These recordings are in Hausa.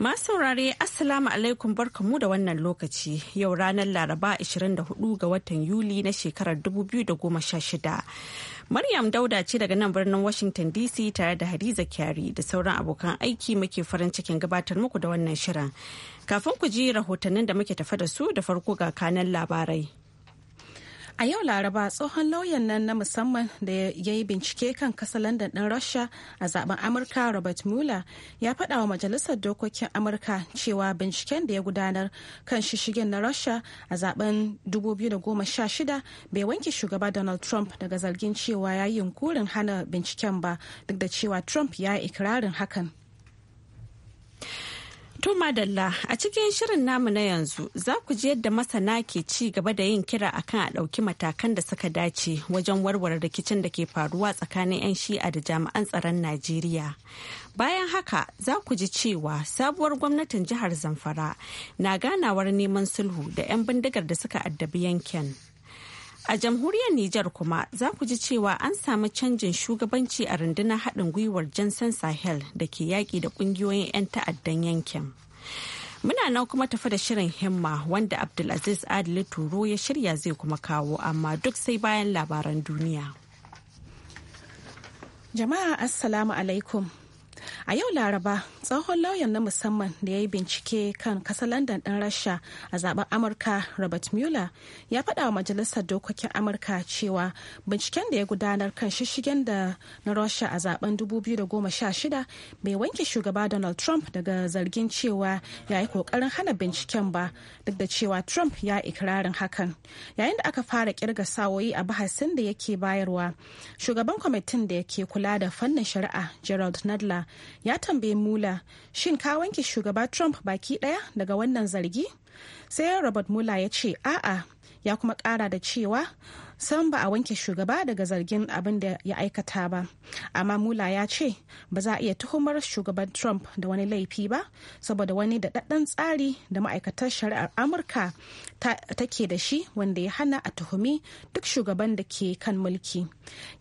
Masu saurare Assalamu alaikum barkamu da wannan lokaci yau ranar Laraba 24 ga watan Yuli na shekarar 2016. Maryam Dauda ce daga nan birnin Washington DC tare da Hadiza Kyari da sauran abokan aiki muke farin cikin gabatar muku da wannan shirin. Kafin ku ji rahotannin da muke tafa da su da farko ga kanan labarai. A yau Laraba tsohon lauyan nan na musamman da ya yi bincike kan kasa London ɗin Rasha a zaben Amurka Robert Mueller ya faɗa wa Majalisar Dokokin Amurka cewa binciken da ya gudanar kan shishigin na Rasha a zaben 2016 bai wanke shugaba Donald Trump daga zargin cewa ya yi yunkurin hana binciken ba duk da cewa Trump ya yi ikirarin hakan. To Madalla a cikin shirin namu na yanzu za ku ji yadda masana ke ci gaba da yin kira akan a ɗauki matakan da suka dace wajen warware rikicin da ke faruwa tsakanin 'yan shi'a da jami'an tsaron Najeriya. Bayan haka za ku ji cewa sabuwar gwamnatin jihar Zamfara na ganawar neman sulhu da 'yan bindigar da suka addabi yankin. A jamhuriyar Nijar kuma za ku ji cewa an samu canjin shugabanci a rundunar haɗin gwiwar Jansan Sahel da ke yaƙi da ƙungiyoyin 'yan ta'addan yankin. Muna nan kuma tafi da shirin himma wanda Abdulaziz Adili Turo ya shirya zai kuma kawo amma duk sai bayan labaran duniya. Jama'a Assalamu alaikum. a yau laraba tsohon lauyan na musamman da ya yi bincike kan kasalandan ɗin rasha a zaben amurka robert mueller ya faɗa wa majalisar dokokin amurka cewa binciken da ya gudanar kan shishigen da na rasha a zaben 2016 bai wanke shugaba donald trump daga zargin cewa ya yi kokarin hana binciken ba duk da cewa trump ya ikirarin hakan yayin da aka fara kirga sawoyi a bahasin da yake bayarwa shugaban kwamitin da yake kula da fannin shari'a gerald nadler ya tambayi mula shin ka wanke shugaba trump baki daya daga wannan zargi sai robert mula ya ce a'a ya kuma kara da cewa san ba a wanke shugaba daga zargin abin da ya aikata ba amma mula ya ce ba za a iya tuhumar shugaban trump da wani laifi ba saboda wani daɗaɗɗen tsari da ma'aikatar shari'ar amurka take da shi wanda ya hana a tuhumi duk shugaban da ke kan mulki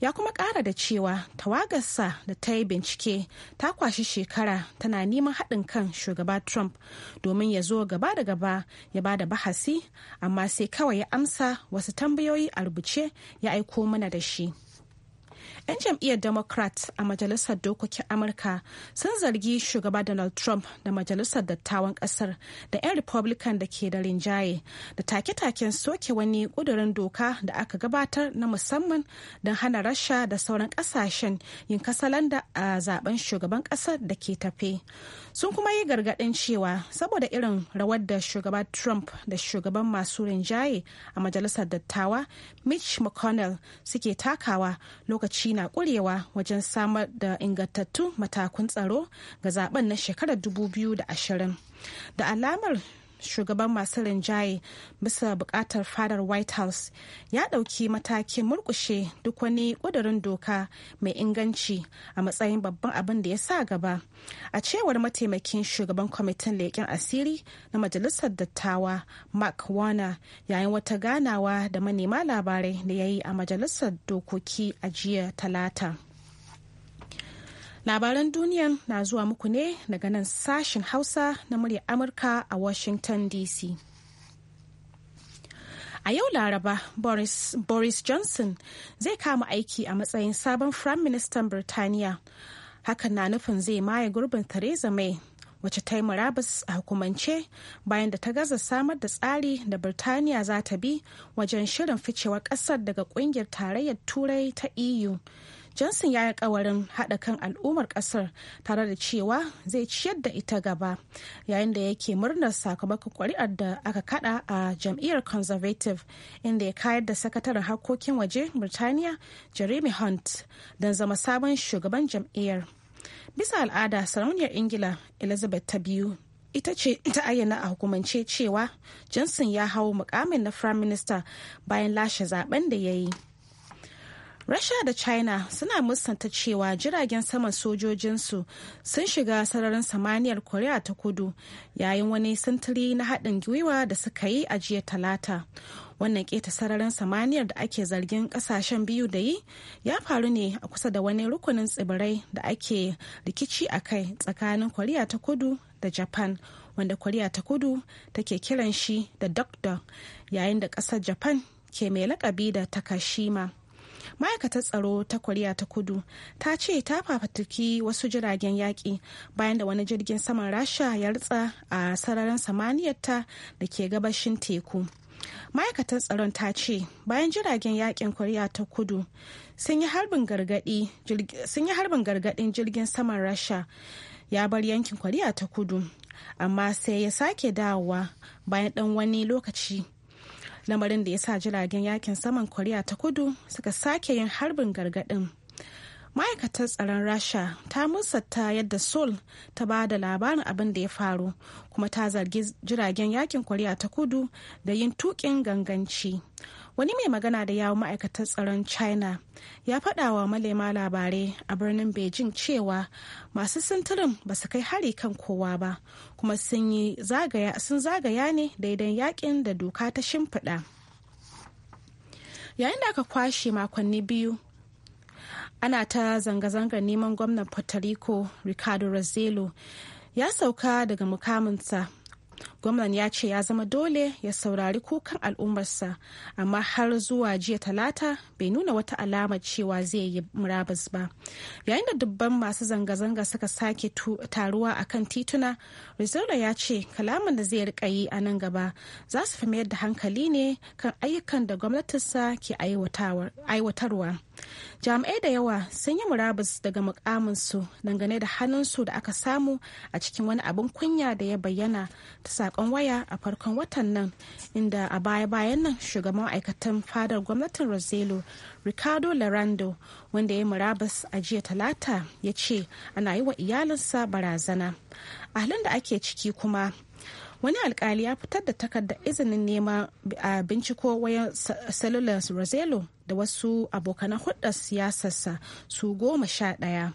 ya kuma ƙara da cewa tawagarsa da ta yi bincike ta kwashi shekara tana neman haɗin kan shugaba trump domin ya zo gaba da gaba ya ba da bahasi amma sai kawai ya amsa wasu tambayoyi a rubuce ce ya aiko mana da shi. 'yan jam'iyyar democrat a majalisar dokokin amurka sun zargi shugaba donald trump da majalisar dattawan kasar da 'yan republican da ke da rinjaye da take-taken soke wani ƙudurin doka da aka gabatar na musamman don hana rasha da sauran kasashen yin da a zaben shugaban kasar da ke tafe sun kuma yi gargaɗin cewa saboda irin rawar da shugaba trump da shugaban masu rinjaye a majalisar dattawa mitch mcconnell suke takawa lokaci na ƙurewa wajen samar da ingantattun matakun tsaro ga zaben na shekarar 2020 da alamar shugaban masu rinjaye bisa bukatar fadar white house ya dauki matakin murkushe duk wani kudurin doka mai inganci a matsayin babban abin da ya sa gaba a cewar mataimakin shugaban kwamitin leƙen asiri na majalisar dattawa mark warner yayin wata ganawa da manema labarai da ya yi a majalisar dokoki a jiya talata labaran duniyan na zuwa muku ne daga nan sashen hausa na murya amurka a washington dc a yau laraba boris, boris johnson zai kama aiki a matsayin sabon prime minister birtaniya hakan na nufin zai maye gurbin theresa may wacce ta yi murabus a hukumance bayan da ta gaza samar da tsari da birtaniya za ta bi wajen shirin ficewar kasar daga kungiyar tarayyar turai ta eu johnson ya yi kawarin haɗa kan al'ummar ƙasar tare da cewa zai ciyar da ita gaba yayin da yake murnar sakamakon kuri'ar da aka kada a jam'iyyar conservative inda ya kayar da sakataren harkokin waje birtaniya jeremy hunt don zama sabon shugaban jam'iyyar bisa al'ada sarauniyar ingila elizabeth ta biyu ita ce ta ayyana a hukumance cewa johnson ya hau mukamin na prime bayan lashe zaben da ya yi Rasha da China suna musanta cewa jiragen saman sojojinsu sun shiga sararin samaniyar Koriya ta kudu yayin wani sintiri na haɗin gwiwa da suka yi a jiya talata. Wannan keta sararin samaniyar da ake zargin ƙasashen biyu da yi ya faru ne a kusa da wani rukunin tsibirai da ake rikici a kai tsakanin Koriya ta kudu da Japan wanda Koriya ta kudu take kiran shi da Dokdok yayin da ƙasar Japan ke mai lakabi da Takashima. ma'aikatar tsaro ta koriya ta kudu ta ce ta fafatuki wasu jiragen yaƙi bayan da wani jirgin saman rasha ya ritsa a sararin samaniyarta da ke gabashin teku ma'aikatar tsaron ta ce bayan jiragen yakin koriya ta kudu sun yi harbin gargadin jirgin saman rasha ya bar yankin koriya ta kudu amma sai ya sake dawowa bayan dan wani lokaci lamarin da ya sa jiragen yakin saman koriya ta kudu suka sake yin harbin gargadin ma'aikatar tsaron rasha ta musatta yadda seoul ta ba da labarin abin da ya faru kuma ta zargi jiragen yakin koriya ta kudu da yin tukin ganganci wani mai magana da yawon ma'aikatar tsaron china ya faɗa wa malema labarai a birnin beijing cewa masu sintirin ba su kai hari kan kowa ba kuma sun zagaya ne daidan yakin da doka ta shimfiɗa yayin da aka kwashe makonni biyu ana ta zanga-zangar neman gwamnan puerto rico ricardo rosello ya sauka daga mukaminsa gwamnan ya ce ya zama dole ya saurari kukan al'ummarsa amma har zuwa jiya talata bai nuna wata alamar cewa zai yi murabus ba yayin da dubban masu zanga-zanga suka sake taruwa a kan tituna rizola ya ce kalaman da zai rika yi a nan gaba za su fi mayar da hankali ne kan ayyukan da gwamnatinsa ke aiwatarwa jami'ai da yawa sun yi murabus daga mukaminsu dangane da hannunsu da aka samu a cikin wani abin kunya da ya bayyana ta sakon waya a farkon watan nan inda a baya-bayan nan shugaban ma'aikatan fadar gwamnatin rosello ricardo larando wanda ya murabas a jiya talata ya ce ana yi wa iyalinsa barazana a halin da ake ciki kuma wani alkali ya fitar da takarda izinin nema a binciko wayan cellular rosello da wasu abokan hudar siyasarsa su goma sha ɗaya.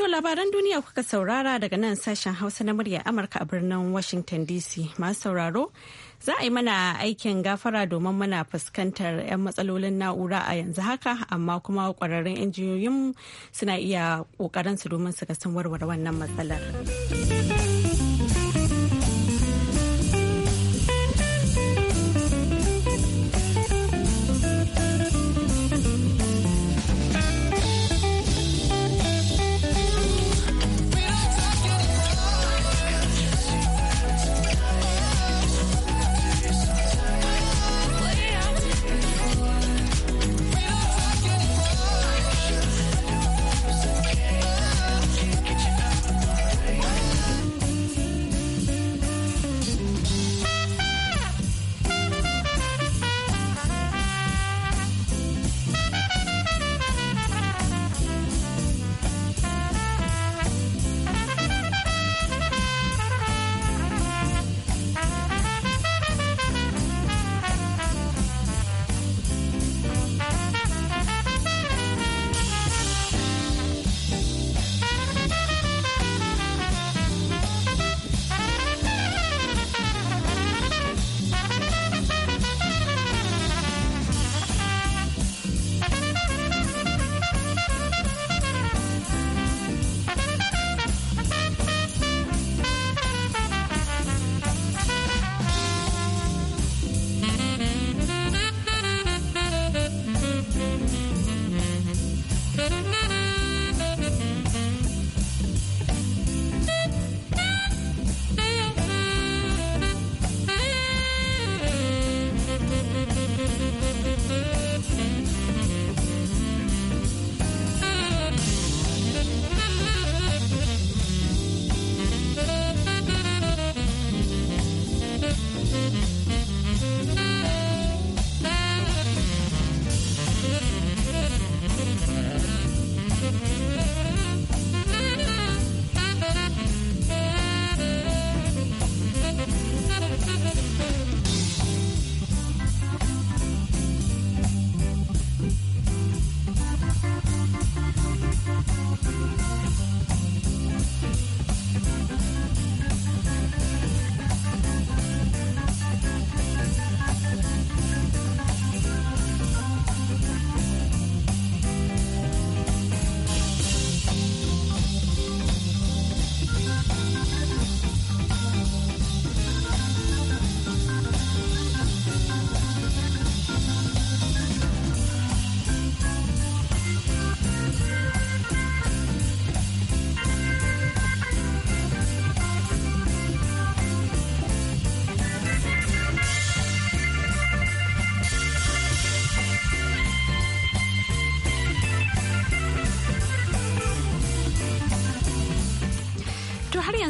To labaran duniya kuka saurara daga nan sashen Hausa na murya Amurka a birnin Washington DC. Masu sauraro, za a yi mana aikin gafara domin muna fuskantar 'yan matsalolin na'ura a yanzu haka, amma kuma kwararrun injiniyoyin suna iya ƙoƙarinsu domin su ga sun warware wannan matsalar.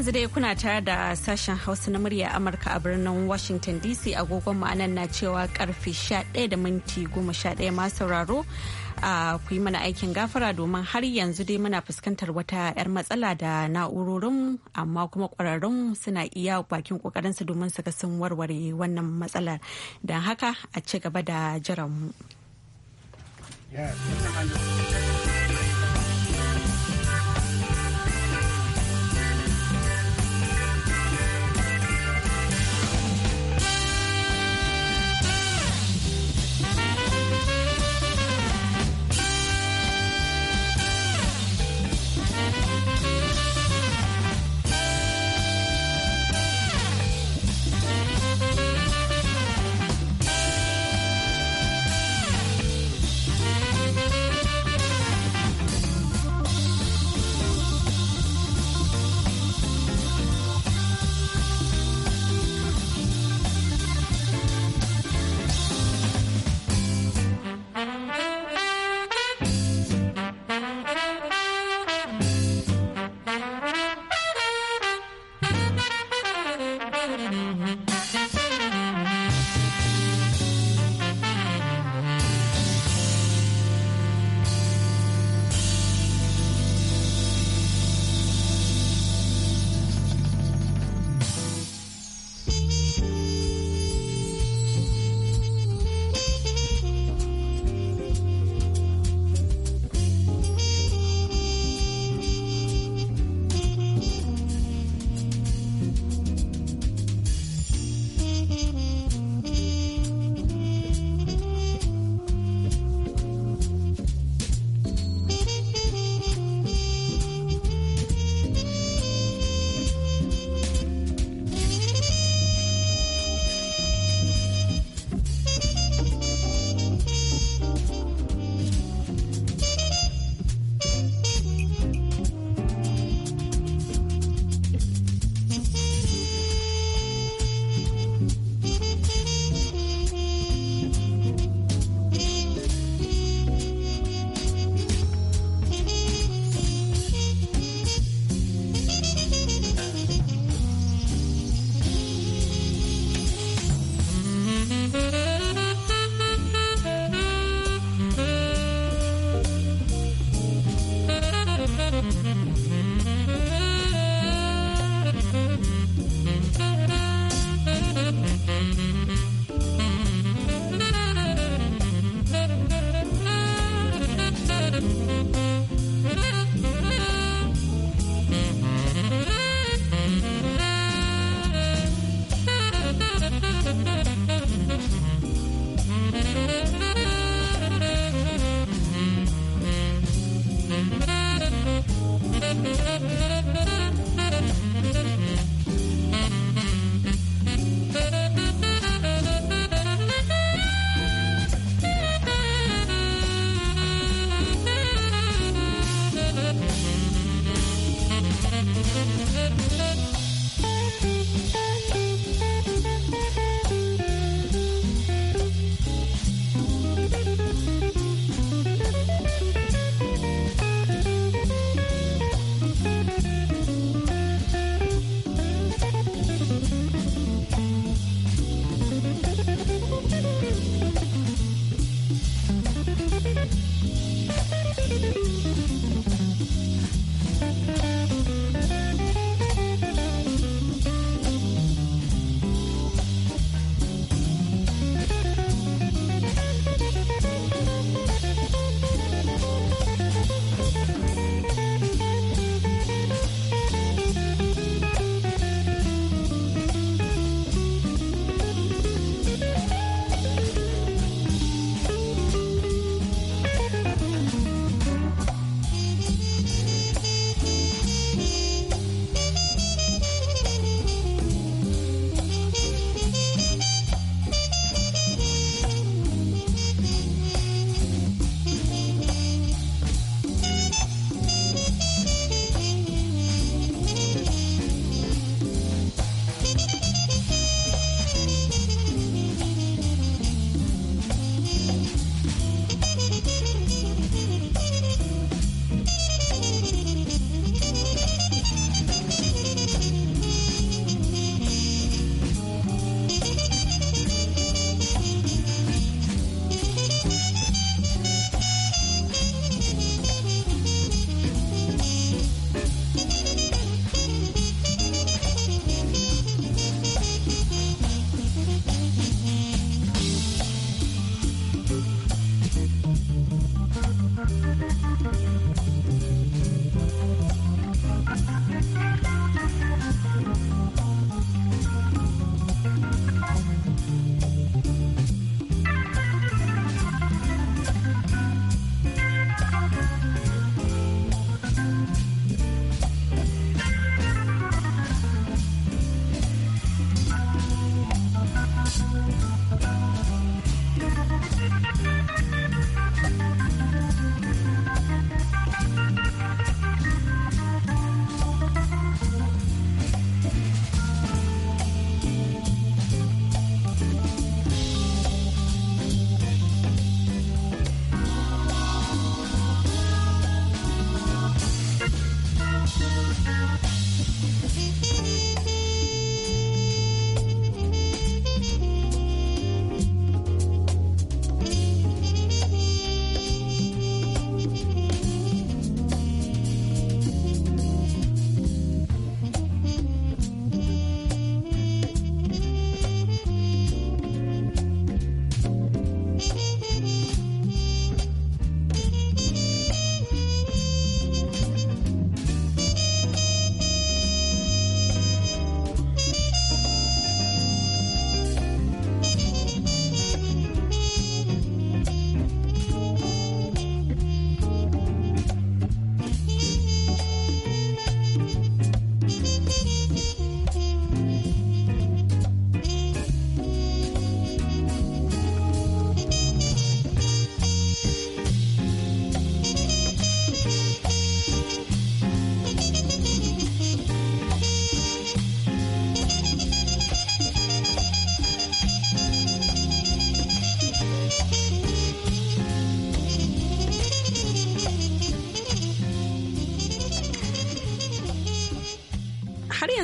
yanzu dai kuna tare da sashen hausa na murya amurka a birnin washington dc agogon ma'anan na cewa karfe 11 da minti 11 ma sauraro a ku yi mana aikin gafara domin har yanzu dai muna fuskantar wata 'yar matsala da na'urorin amma kuma kwararrun suna iya bakin kokarinsu domin su ga sun warware wannan matsalar don haka a ci gaba da jiran mu.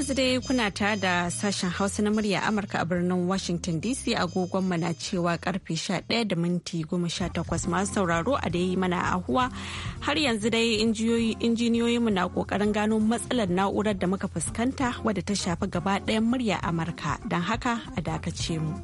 yanzu dai kuna ta da sashen hausa na murya amurka a birnin washington dc agogon na cewa karfe 11 da minti 18 masu sauraro a dai mana ahuwa har yanzu dai injiniyoyinmu na kokarin gano matsalar na'urar da muka fuskanta wadda ta shafi gaba ɗayan murya amurka don haka a dakace mu.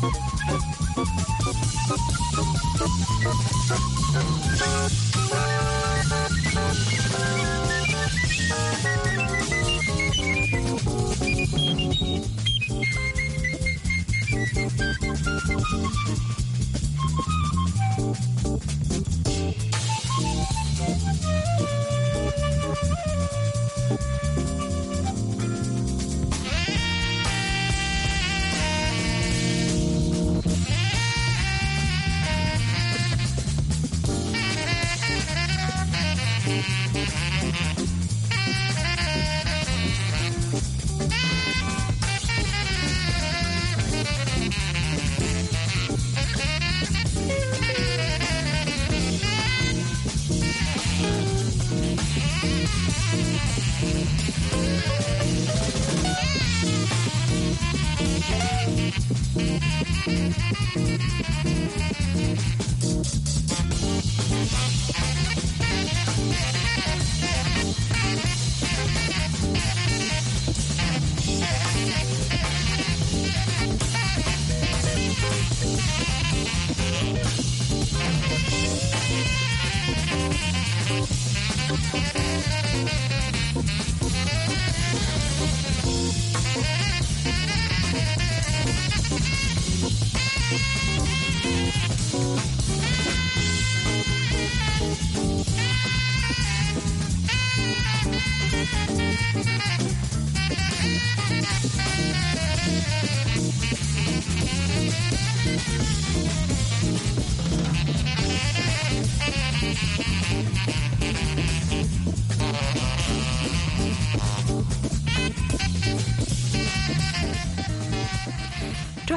Thank you. Thank you.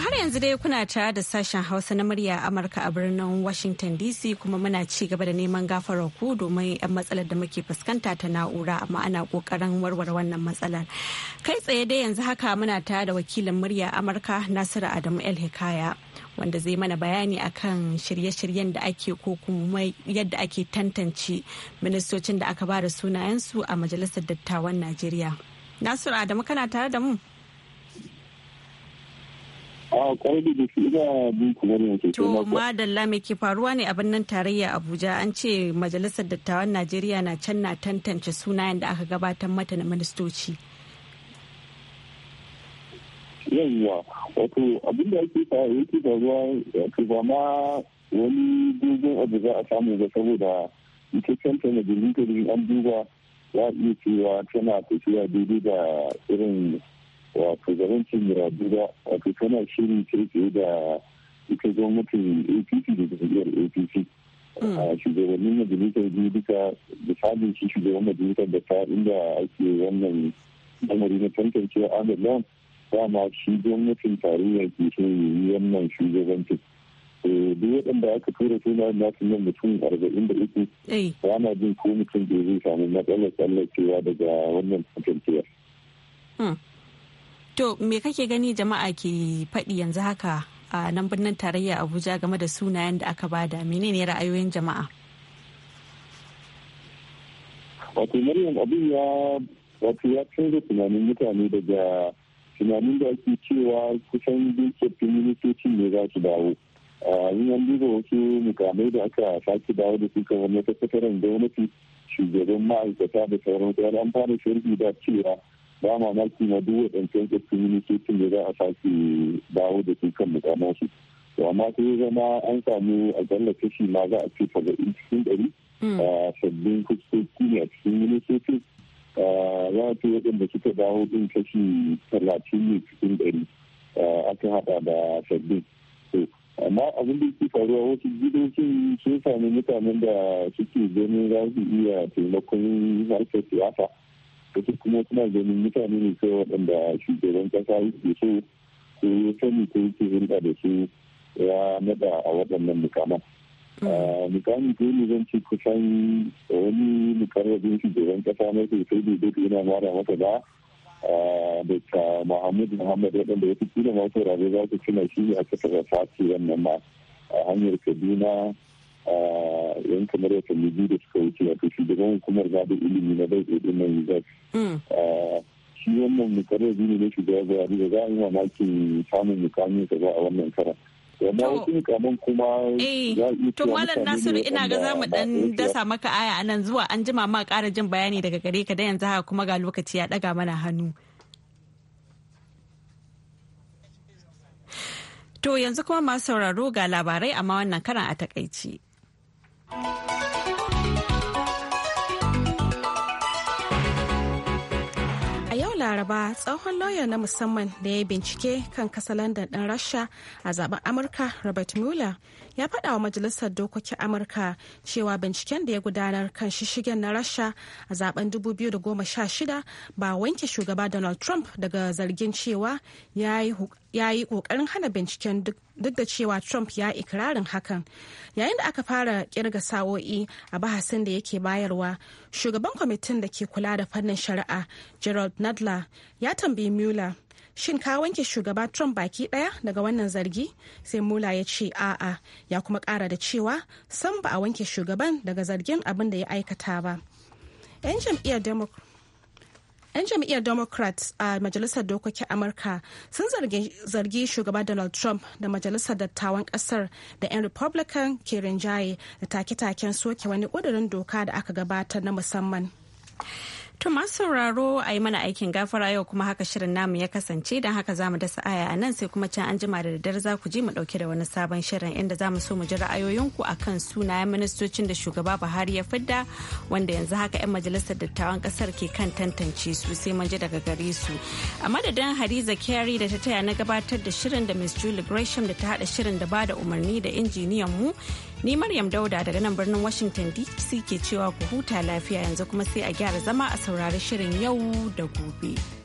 har yanzu dai kuna ta da sashen Hausa na murya Amurka a birnin Washington DC kuma muna ci gaba da neman gafarar ku domin 'yan matsalar da muke fuskanta ta na'ura amma ana kokarin warware wannan matsalar. Kai tsaye dai yanzu haka muna ta da wakilin murya Amurka Nasiru Adamu El Hikaya. wanda zai mana bayani akan shirye-shiryen da ake ko kuma yadda ake tantance ministocin da aka ba da sunayensu a majalisar dattawan najeriya nasiru adamu kana tare da mu da shi to madalla me ke faruwa ne a birnin tarayya abuja an ce majalisar dattawan najeriya na can na tantance sunayen da aka gabatar mata na ministoci yawwa wato abin da ake yake faruwa ce ba ma wani dogon abu za a samu ba saboda ita canta majalisar an duba ya iya cewa tana tafiya daidai da irin wato gaban cin ba wato tana shirin kirkiri da ita gwamnatin apc da jam'iyyar apc hmm. a shugabannin majalisar biyu duka da samun shi shugaban majalisar da ta inda ake wannan lamari na tantance ahmed lawan dama shi gwamnatin tarayya ke so yi wannan shugabancin duk waɗanda aka tura suna nasu nan mutum arba'in da uku ana jin ko mutum da zai samu matsalar tsallacewa daga wannan tantancewar. Hmm. To me kake gani jama'a ke faɗi yanzu haka a nan birnin tarayya Abuja game da sunayen da aka bada menene ra'ayoyin jama'a? Wato Maryam abin ya wato ya canza tunanin mutane daga tunanin da ake cewa kusan dukkan ministocin ne za su dawo. in an duba wasu mukamai da aka sake dawo da su kamar na sakataren gwamnati shugaban ma'aikata da sauran an fara shirgi da cewa ba mamaki na duk waɗancan kwamfutocin da za a sake dawo da su kan mukamansu to amma yi zama an samu akalla kashi ma za a ce saba'in cikin ɗari hmm. sabbin fuskoki ne a cikin ministocin za a ce waɗanda suka dawo ɗin kashi talatin ne cikin ɗari aka haɗa da sabbin amma abin da ke faruwa wasu gidokin sun sami mutanen da suke ganin za su iya taimakon harkar siyasa wasu kuma suna ganin mutane ne sai waɗanda shugaban ƙasa yake so ko ya sani ko yake hulɗa da su ya naɗa a waɗannan mukaman. Mm. mukamin ko zan ce kusan wani mukarrabin shugaban ƙasa na sosai da duk yana mara mata ba da Muhammad Muhammad waɗanda wasu kila masu rabe za su tuna shi a aka sarrafa wannan ma a hanyar Kaduna yan kamar wata biyu da suka wuce wato shugaban hukumar zaɓen ilimi na bai ɗin nan zai hmm. shi wannan mukarar ne da shugaban buhari da za a yi mamakin samun mukamin ka ba a wannan karan amma wasu mukaman kuma eh, za a to malam nasiru ina ga za mu dan dasa maka aya anan zuwa an jima ma ƙara jin bayani daga gare ka da yanzu haka kuma ga lokaci ya ɗaga mana hannu. To yanzu kuma masu sauraro ga labarai amma wannan karan a takaici. A yau Laraba tsohon lauya na musamman da ya bincike kan kasa London ɗin Rasha a zaben Amurka Robert Mueller ya faɗa wa majalisar dokokin amurka cewa binciken da ya gudanar kan shishigen na rasha a zaben 2016 ba wanke shugaba donald trump daga zargin cewa ya yi kokarin hana binciken duk da cewa trump ya ikirarin hakan yayin da aka fara kirga sa'o'i a bahasin da yake bayarwa shugaban kwamitin da ke kula da fannin shari'a gerald nadler ya tambayi mueller shin ka wanke shugaba trump baki daya daga wannan zargi sai mula ya ce a'a ya kuma kara da cewa san ba a wanke shugaban daga zargin abin da ya aikata ba 'yan jam'iyyar democrat democrats a majalisar dokokin amurka sun zargi shugaba donald trump da majalisar dattawan kasar da 'yan republican ke rinjaye da take-taken soke wani kudurin doka da aka gabatar na musamman To masu sauraro a yi mana aikin gafara yau kuma haka shirin namu ya kasance don haka za mu dasa aya a nan sai kuma can an jima da daddare za ku ji mu dauke da wani sabon shirin inda za mu so mu ji ra'ayoyinku a kan sunayen ministocin da shugaba Buhari ya fidda wanda yanzu haka 'yan majalisar dattawan kasar ke kan tantance su sai mun ji daga gare su. A madadin Hadiza Kyari da ta taya na gabatar da shirin da Miss Julie Gresham da ta haɗa shirin da ba da umarni da injiniyan mu Ni Maryam Dauda daga nan birnin Washington DC ke cewa ku huta lafiya yanzu kuma sai a gyara zama a saurari shirin yau da gobe.